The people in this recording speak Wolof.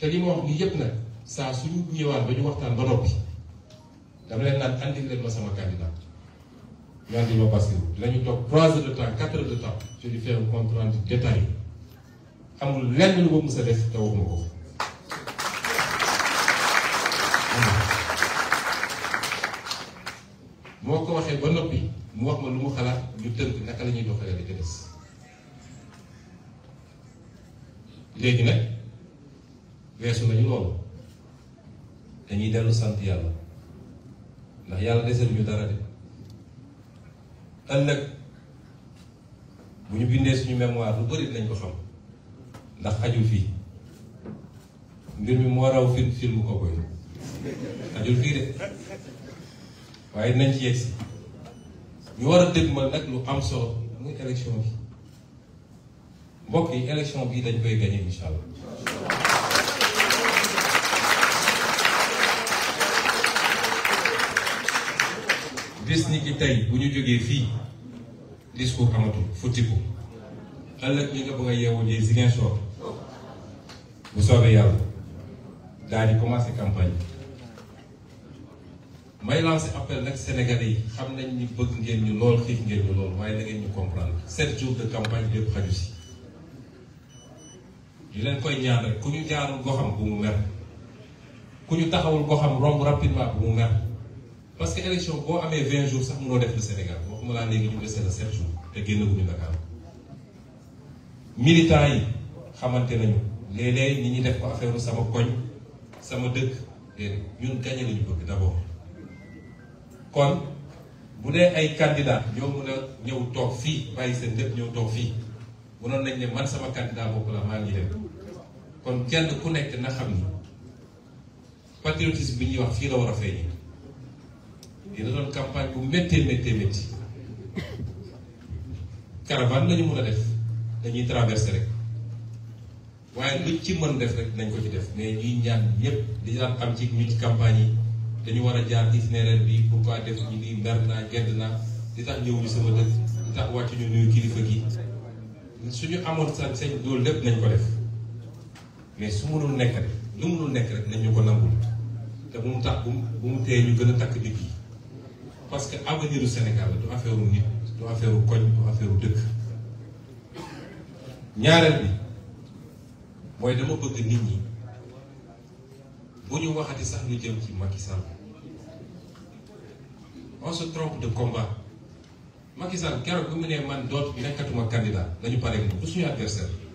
te li ma wax nii yëpp nag saa suñu ñëwaat ba ñu waxtaan ba noppi dama leen naan andil ma sama candidat ñu andil ma parce que dinañu toog trois heures de temps quatre heures de temps ko moo ko waxee ba noppi mu wax ma lu mu xalaat ñu tënk naka la ñuy doxalee di ko léegi nag. weesu nañu loolu dañuy dellu sant yàlla ndax yàlla desal ñu dara de ëllëg bu ñu bindee suñu mémoire lu bëri dinañ ko xam ndax xajul fii mbir mi moo raw film film ko koy xajul fii de waaye dinañ ci yegsi ñu war a dëgmal nag lu am solo muy élection bi mbokk yi élection bii dañ koy gagné incha ci tey bu ñu jógee fii discours amatul futtiku ëllëg ñi nga bëgg a yeewu ji Ziguinchor bu soobee yàlla daal di commencé campagne may lancé appel nag Sénégalais yi xam nañ ni bëgg ngeen ñu lool xiif ngeen ñu lool waaye da ngeen ñu comprendre sept jours de campagne lépp xaju si di leen koy ñaan rek ku ñu jaarul goxam bu mu mer ku ñu taxawul goxam romb rapidement bu mu mer parce que élection boo amee 20 jours sax mënoo def le Sénégal waxuma laa léegi ñu dese la 7 jours te génnaguñu Dakar militants yi xamante nañu léeg-léeg nit def ko affaire sama koñ sama dëkk déedéet ñun gagné lañu bëgg d'abord kon bu dee ay candidat ñoo mën a ñëw toog fii bàyyi seen dëkk ñëw toog fii mënoon nañ ne man sama candidat bopp la maa ngi dem kon kenn ku nekk na xam ni patriotisme bi ñuy wax fii la war a feeñee. yi na doon campagne bu méttee méttee métti caravane la ñu a def dañuy traversé rek waaye luñ ci mën def rek nañ ko ci def mais ñuy ñaan ñëpp di daan am ci ñu campagne yi dañu war a jaar itinéraire bi pourquoi def ñu nii mer naa gedd na di tax ñëw ñu sama dëkk di tax wàcc ñu nuyu kilifa gi suñu amoon sa sañ loolu lépp nañ ko def mais su mënul nekk rek lu mënul nekk rek nañ ñu ko nangul te bu mu tax bu mu tee ñu gën a takk nit yi parce que avenir u Sénégal la du affaire nit du affaire koñ du affaire dëkk ñaareel bi mooy dama bëgg nit ñi bu ñu waxati sax lu jëm ci Macky Sall on se trompe de combat Macky Sall keroog bu mu nee man doot nekkatuma candidat pare moom du suñu adversaire